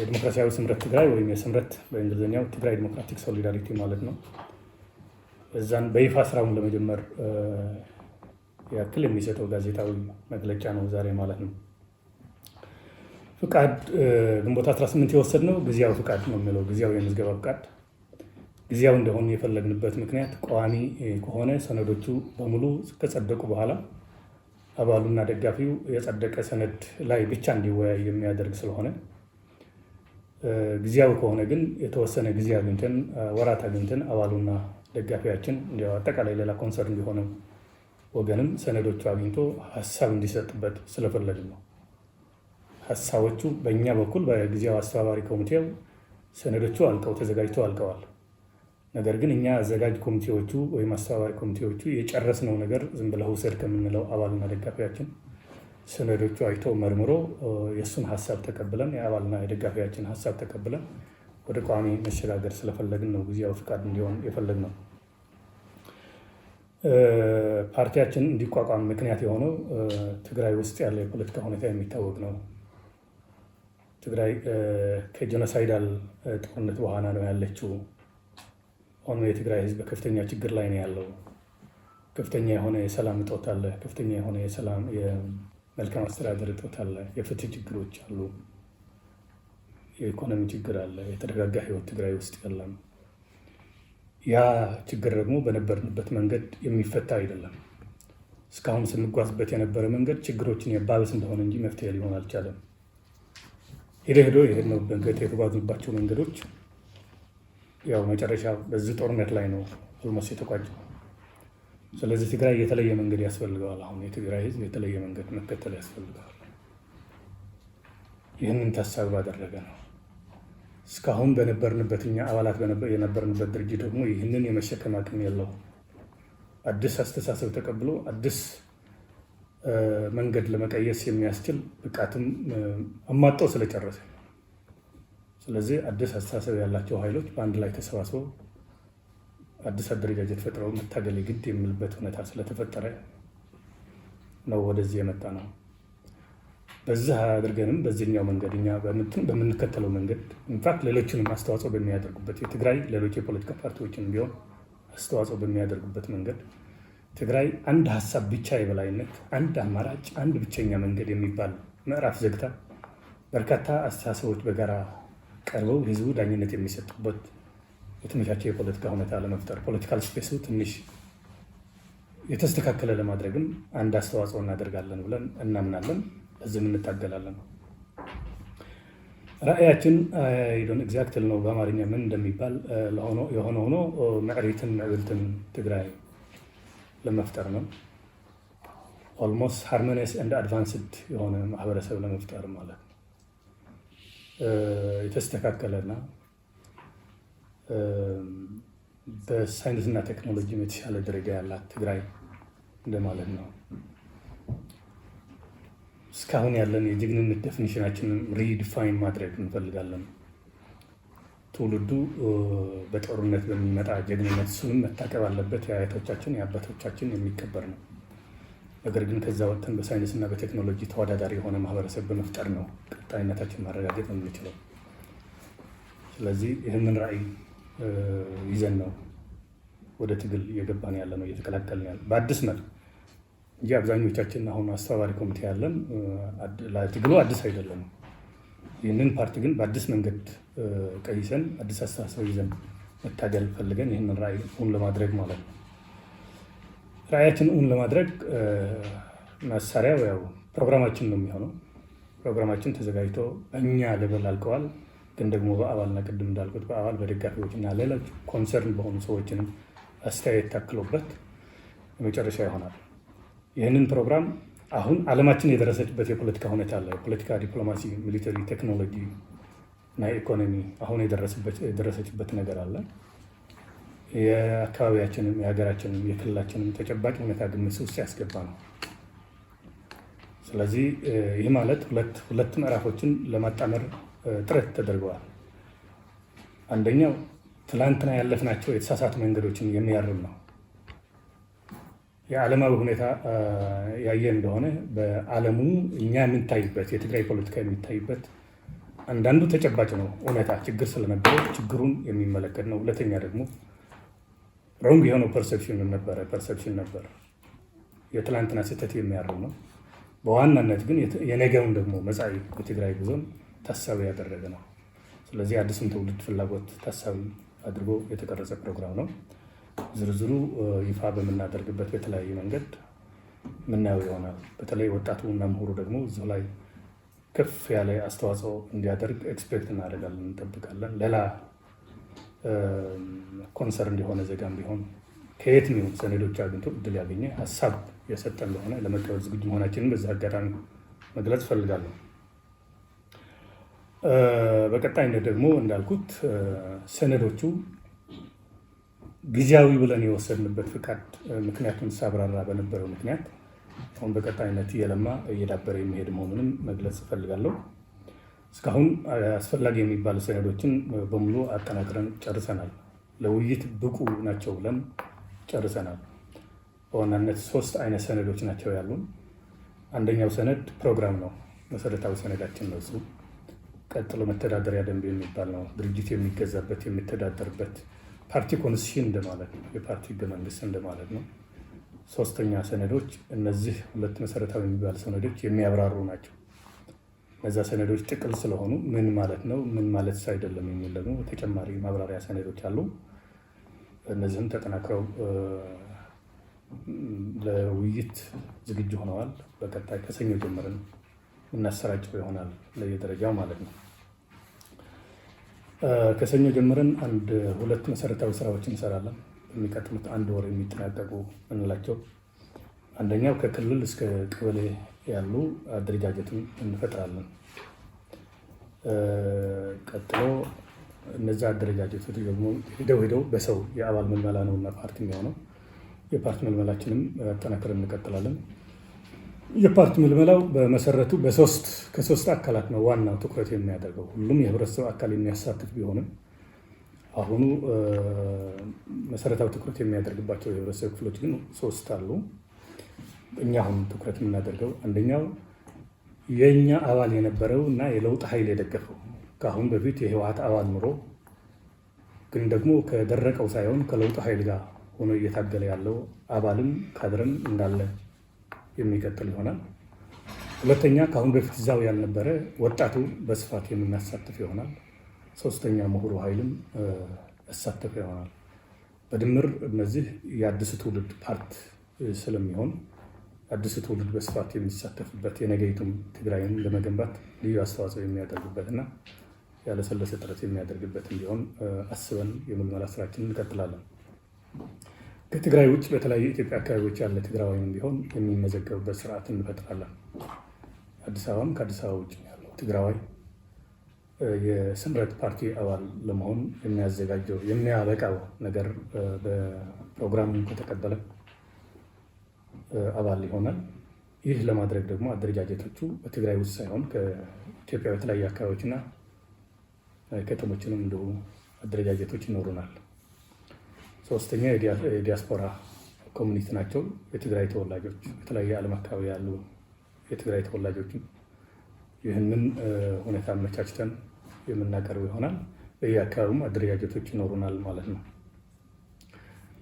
የዲሞክራሲያዊ ስምረት ትግራይ ወይም የስምረት በእንግሊዝኛው ትግራይ ዲሞክራቲክ ሶሊዳሪቲ ማለት ነው። እዛን በይፋ ስራውን ለመጀመር ያክል የሚሰጠው ጋዜጣዊ መግለጫ ነው ዛሬ ማለት ነው። ፍቃድ ግንቦት 18 ነው ጊዜያዊ ፍቃድ ነው የሚለው ጊዜያዊ የምዝገባ ፍቃድ ጊዜያዊ እንደሆኑ የፈለግንበት ምክንያት ቋሚ ከሆነ ሰነዶቹ በሙሉ ከጸደቁ በኋላ አባሉና ደጋፊው የጸደቀ ሰነድ ላይ ብቻ እንዲወያይ የሚያደርግ ስለሆነ ጊዜያዊ ከሆነ ግን የተወሰነ ጊዜ አግኝተን ወራት አግኝተን አባሉና ደጋፊያችን እንዲያው አጠቃላይ ሌላ ኮንሰርን ቢሆንም ወገንም ሰነዶቹ አግኝቶ ሀሳብ እንዲሰጥበት ስለፈለግ ነው። ሀሳቦቹ በእኛ በኩል በጊዜያዊ አስተባባሪ ኮሚቴው ሰነዶቹ አልቀው ተዘጋጅተው አልቀዋል። ነገር ግን እኛ አዘጋጅ ኮሚቴዎቹ ወይም አስተባባሪ ኮሚቴዎቹ የጨረስነው ነገር ዝም ብለህ ውሰድ ከምንለው አባልና ደጋፊያችን ሰነዶቹ አይተው መርምሮ የእሱን ሀሳብ ተቀብለን የአባልና የደጋፊያችን ሀሳብ ተቀብለን ወደ ቋሚ መሸጋገር ስለፈለግን ነው ጊዜያዊ ፍቃድ እንዲሆን የፈለግነው። ፓርቲያችን እንዲቋቋም ምክንያት የሆነው ትግራይ ውስጥ ያለ የፖለቲካ ሁኔታ የሚታወቅ ነው። ትግራይ ከጄኖሳይዳል ጦርነት በኋላ ነው ያለችው። ሆኖ የትግራይ ሕዝብ ከፍተኛ ችግር ላይ ነው ያለው። ከፍተኛ የሆነ የሰላም እጦት አለ። ከፍተኛ የሆነ የሰላም መልካም አስተዳደር እጦት አለ፣ የፍትህ ችግሮች አሉ፣ የኢኮኖሚ ችግር አለ፣ የተረጋጋ ህይወት ትግራይ ውስጥ የለም። ያ ችግር ደግሞ በነበርንበት መንገድ የሚፈታ አይደለም። እስካሁን ስንጓዝበት የነበረ መንገድ ችግሮችን የባበስ እንደሆነ እንጂ መፍትሄ ሊሆን አልቻለም። ሄደ ሄዶ የሄድነው መንገድ የተጓዝንባቸው መንገዶች ያው መጨረሻ በዚህ ጦርነት ላይ ነው ኦልሞስት የተቋጨው። ስለዚህ ትግራይ የተለየ መንገድ ያስፈልገዋል። አሁን የትግራይ ህዝብ የተለየ መንገድ መከተል ያስፈልገዋል። ይህንን ታሳቢ ባደረገ ነው እስካሁን በነበርንበት እኛ አባላት የነበርንበት ድርጅት ደግሞ ይህንን የመሸከም አቅም የለው። አዲስ አስተሳሰብ ተቀብሎ አዲስ መንገድ ለመቀየስ የሚያስችል ብቃትም አሟጠው ስለጨረሰ ስለዚህ አዲስ አስተሳሰብ ያላቸው ኃይሎች በአንድ ላይ ተሰባስበው አዲስ አደረጃጀት ፈጥረው መታገል ግድ የሚልበት ሁኔታ ስለተፈጠረ ነው ወደዚህ የመጣ ነው። በዚህ አድርገንም በዚህኛው መንገድ እኛ በምንከተለው መንገድ ኢንፋክት ሌሎችንም አስተዋጽኦ በሚያደርጉበት የትግራይ ሌሎች የፖለቲካ ፓርቲዎችን ቢሆን አስተዋጽኦ በሚያደርጉበት መንገድ ትግራይ አንድ ሀሳብ ብቻ የበላይነት፣ አንድ አማራጭ፣ አንድ ብቸኛ መንገድ የሚባል ምዕራፍ ዘግታ በርካታ አስተሳሰቦች በጋራ ቀርበው ህዝቡ ዳኝነት የሚሰጡበት የተመቻቸ የፖለቲካ ሁኔታ ለመፍጠር ፖለቲካል ስፔሱ ትንሽ የተስተካከለ ለማድረግም አንድ አስተዋጽኦ እናደርጋለን ብለን እናምናለን። ለዚህም እንታገላለን። ራእያችን ዶን ኤግዛክትል ነው በአማርኛ ምን እንደሚባል የሆነ ሆኖ ምዕሪትን ምዕብልትን ትግራይ ለመፍጠር ነው። ኦልሞስት ሃርሞኒየስ እንደ አድቫንስድ የሆነ ማህበረሰብ ለመፍጠር ማለት ነው። የተስተካከለና በሳይንስና ቴክኖሎጂ የተሻለ ደረጃ ያላት ትግራይ እንደማለት ነው። እስካሁን ያለን የጀግንነት ዴፊኒሽናችንን ሪዲፋይን ማድረግ እንፈልጋለን። ትውልዱ በጦርነት በሚመጣ ጀግንነት ስምም መታቀብ አለበት። የአያቶቻችን የአባቶቻችን የሚከበር ነው። ነገር ግን ከዛ ወጥተን በሳይንስና በቴክኖሎጂ ተወዳዳሪ የሆነ ማህበረሰብ በመፍጠር ነው ቀጣይነታችን ማረጋገጥ የምንችለው። ስለዚህ ይህንን ራዕይ ይዘን ነው ወደ ትግል እየገባን ያለ ነው እየተቀላቀልን ያለ በአዲስ መልክ እንጂ አብዛኞቻችን አሁን አስተባባሪ ኮሚቴ ያለን ትግሉ አዲስ አይደለም። ይህንን ፓርቲ ግን በአዲስ መንገድ ቀይሰን አዲስ አስተሳሰብ ይዘን መታገል ፈልገን ይህንን ራዕይ እውን ለማድረግ ማለት ነው። ራዕያችን እውን ለማድረግ መሳሪያው ያው ፕሮግራማችን ነው የሚሆነው። ፕሮግራማችን ተዘጋጅቶ እኛ ልበል አልቀዋል። ግን ደግሞ በአባልና ቅድም እንዳልኩት በአባል በደጋፊዎች እና ሌሎች ኮንሰርን በሆኑ ሰዎችንም አስተያየት ታክሎበት መጨረሻ ይሆናል። ይህንን ፕሮግራም አሁን ዓለማችን የደረሰችበት የፖለቲካ ሁኔታ አለ። የፖለቲካ ዲፕሎማሲ፣ ሚሊተሪ፣ ቴክኖሎጂ እና ኢኮኖሚ አሁን የደረሰችበት ነገር አለ። የአካባቢያችንም የሀገራችንም የክልላችንም ተጨባጭ ሁኔታ ግምት ውስጥ ያስገባ ነው። ስለዚህ ይህ ማለት ሁለት ምዕራፎችን ለማጣመር ጥረት ተደርገዋል። አንደኛው ትላንትና ያለፍናቸው የተሳሳት መንገዶችን የሚያርም ነው። የዓለማዊ ሁኔታ ያየ እንደሆነ በዓለሙ እኛ የምንታይበት የትግራይ ፖለቲካ የሚታይበት አንዳንዱ ተጨባጭ ነው እውነታ ችግር ስለነበረ ችግሩን የሚመለከት ነው። ሁለተኛ ደግሞ ሮንግ የሆነው ፐርሰፕሽን ነበረ ፐርሰፕሽን ነበር የትላንትና ስህተት የሚያርም ነው። በዋናነት ግን የነገውን ደግሞ መጻኢ የትግራይ ጉዞን ታሳቢ ያደረገ ነው። ስለዚህ አዲስን ትውልድ ፍላጎት ታሳቢ አድርጎ የተቀረጸ ፕሮግራም ነው። ዝርዝሩ ይፋ በምናደርግበት በተለያየ መንገድ ምናየው ይሆናል። በተለይ ወጣቱ እና ምሁሩ ደግሞ እዚ ላይ ከፍ ያለ አስተዋጽኦ እንዲያደርግ ኤክስፔክት እናደርጋለን፣ እንጠብቃለን። ሌላ ኮንሰር እንዲሆነ ዜጋም ቢሆን ከየት ሚሆን ሰነዶች አግኝቶ እድል ያገኘ ሀሳብ የሰጠ እንደሆነ ለመቀበል ዝግጁ መሆናችንን በዚህ አጋጣሚ መግለጽ እፈልጋለሁ። በቀጣይነት ደግሞ እንዳልኩት ሰነዶቹ ጊዜያዊ ብለን የወሰድንበት ፍቃድ ምክንያቱን ሳብራራ በነበረው ምክንያት አሁን በቀጣይነት እየለማ እየዳበረ የሚሄድ መሆኑንም መግለጽ እፈልጋለሁ። እስካሁን አስፈላጊ የሚባሉ ሰነዶችን በሙሉ አጠናክረን ጨርሰናል። ለውይይት ብቁ ናቸው ብለን ጨርሰናል። በዋናነት ሶስት አይነት ሰነዶች ናቸው ያሉን። አንደኛው ሰነድ ፕሮግራም ነው፣ መሰረታዊ ሰነዳችን ነው እሱ ቀጥሎ መተዳደሪያ ደንብ የሚባል ነው። ድርጅት የሚገዛበት የሚተዳደርበት ፓርቲ ኮንስቲቱሽን እንደማለት ነው። የፓርቲ ህገ መንግስት እንደማለት ነው። ሶስተኛ ሰነዶች፣ እነዚህ ሁለት መሰረታዊ የሚባሉ ሰነዶች የሚያብራሩ ናቸው። እነዛ ሰነዶች ጥቅል ስለሆኑ ምን ማለት ነው፣ ምን ማለት አይደለም የሚል ደግሞ ተጨማሪ ማብራሪያ ሰነዶች አሉ። እነዚህም ተጠናክረው ለውይይት ዝግጁ ሆነዋል። በቀጣይ ከሰኞ ጀምረን እናሰራጭው ይሆናል ለየደረጃው ማለት ነው። ከሰኞ ጀምረን አንድ ሁለት መሰረታዊ ስራዎች እንሰራለን። የሚቀጥሉት አንድ ወር የሚጠናቀቁ እንላቸው። አንደኛው ከክልል እስከ ቀበሌ ያሉ አደረጃጀትን እንፈጥራለን። ቀጥሎ እነዚ አደረጃጀቶች ደግሞ ሄደው ሄደው በሰው የአባል ምልመላ ነው እና ፓርቲ የሚሆነው የፓርቲ ምልመላችንም አጠናክረን እንቀጥላለን። የፓርቲ ምልመላው በመሰረቱ በሶስት ከሶስት አካላት ነው ዋናው ትኩረት የሚያደርገው ሁሉም የህብረተሰብ አካል የሚያሳትፍ ቢሆንም አሁኑ መሰረታዊ ትኩረት የሚያደርግባቸው የህብረተሰብ ክፍሎች ግን ሶስት አሉ። እኛ አሁን ትኩረት የምናደርገው አንደኛው የእኛ አባል የነበረው እና የለውጥ ኃይል የደገፈው ከአሁን በፊት የህወሓት አባል ኑሮ ግን ደግሞ ከደረቀው ሳይሆን ከለውጥ ኃይል ጋር ሆኖ እየታገለ ያለው አባልም ካድረም እንዳለ የሚቀጥል ይሆናል። ሁለተኛ ከአሁን በፊት እዛው ያልነበረ ወጣቱ በስፋት የምናሳትፍ ይሆናል። ሶስተኛ ምሁሩ ኃይልም ያሳተፈ ይሆናል። በድምር እነዚህ የአዲስ ትውልድ ፓርት ስለሚሆን አዲስ ትውልድ በስፋት የሚሳተፍበት የነገይቱም ትግራይን ለመገንባት ልዩ አስተዋጽኦ የሚያደርግበትና ያለሰለሰ ጥረት የሚያደርግበት እንዲሆን አስበን የምልመላ ስራችን እንቀጥላለን። ከትግራይ ውጭ በተለያዩ የኢትዮጵያ አካባቢዎች ያለ ትግራዋይም ቢሆን የሚመዘገብበት ስርዓት እንፈጥራለን። አዲስ አበባም ከአዲስ አበባ ውጭ ያለው ትግራዋይ የስምረት ፓርቲ አባል ለመሆን የሚያዘጋጀው የሚያበቃው ነገር በፕሮግራም ከተቀበለ አባል ይሆናል። ይህ ለማድረግ ደግሞ አደረጃጀቶቹ በትግራይ ውስጥ ሳይሆን ከኢትዮጵያ በተለያዩ አካባቢዎችና ከተሞችንም እንዲሁ አደረጃጀቶች ይኖሩናል። ሶስተኛ የዲያስፖራ ኮሚኒቲ ናቸው። የትግራይ ተወላጆች የተለያየ ዓለም አካባቢ ያሉ የትግራይ ተወላጆችን ይህንን ሁኔታ አመቻችተን የምናቀርብ ይሆናል። በየአካባቢውም አደረጃጀቶች ይኖሩናል ማለት ነው።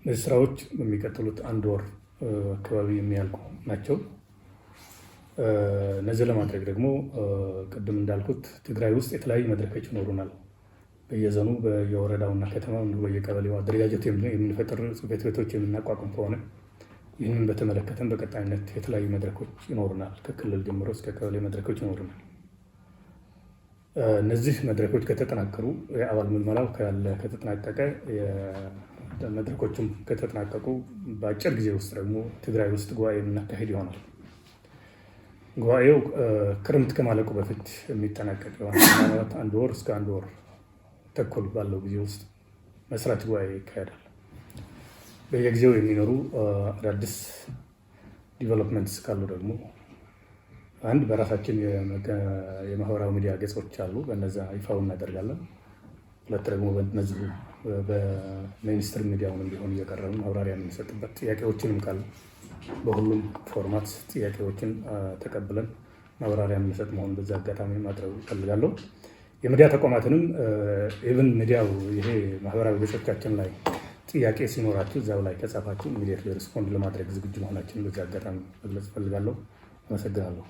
እነዚህ ስራዎች በሚቀጥሉት አንድ ወር አካባቢ የሚያልቁ ናቸው። እነዚህ ለማድረግ ደግሞ ቅድም እንዳልኩት ትግራይ ውስጥ የተለያዩ መድረኮች ይኖሩናል። በየዘኑ በየወረዳውና ከተማ በየቀበሌው አደረጃጀት የምንፈጥር ጽሕፈት ቤቶች የምናቋቁም ከሆነ ይህንን በተመለከተም በቀጣይነት የተለያዩ መድረኮች ይኖሩናል። ከክልል ጀምሮ እስከ ቀበሌ መድረኮች ይኖሩናል። እነዚህ መድረኮች ከተጠናከሩ የአባል ምልመላው ከተጠናቀቀ መድረኮችም ከተጠናቀቁ በአጭር ጊዜ ውስጥ ደግሞ ትግራይ ውስጥ ጉባኤ የምናካሄድ ይሆናል። ጉባኤው ክርምት ከማለቁ በፊት የሚጠናቀቅ ይሆናል። አንድ ወር እስከ አንድ ወር ተኩል ባለው ጊዜ ውስጥ መስራች ጉባኤ ይካሄዳል። በየጊዜው የሚኖሩ አዳዲስ ዲቨሎፕመንትስ ካሉ ደግሞ አንድ በራሳችን የማህበራዊ ሚዲያ ገጾች አሉ። በነዛ ይፋው እናደርጋለን። ሁለት ደግሞ በነዚህ በሚኒስትር ሚዲያውንም ቢሆን እየቀረብን ማብራሪያ የምንሰጥበት ጥያቄዎችንም ካሉ በሁሉም ፎርማት ጥያቄዎችን ተቀብለን ማብራሪያ የምንሰጥ መሆኑን በዛ አጋጣሚ ማድረግ እፈልጋለሁ። የሚዲያ ተቋማትንም ኢቭን ሚዲያው ይሄ ማህበራዊ ገጾቻችን ላይ ጥያቄ ሲኖራችሁ እዚያው ላይ ከጻፋችሁ ኢሚዲየትሊ ሪስፖንድ ለማድረግ ዝግጁ መሆናችን በዚህ አጋጣሚ መግለጽ እፈልጋለሁ። አመሰግናለሁ።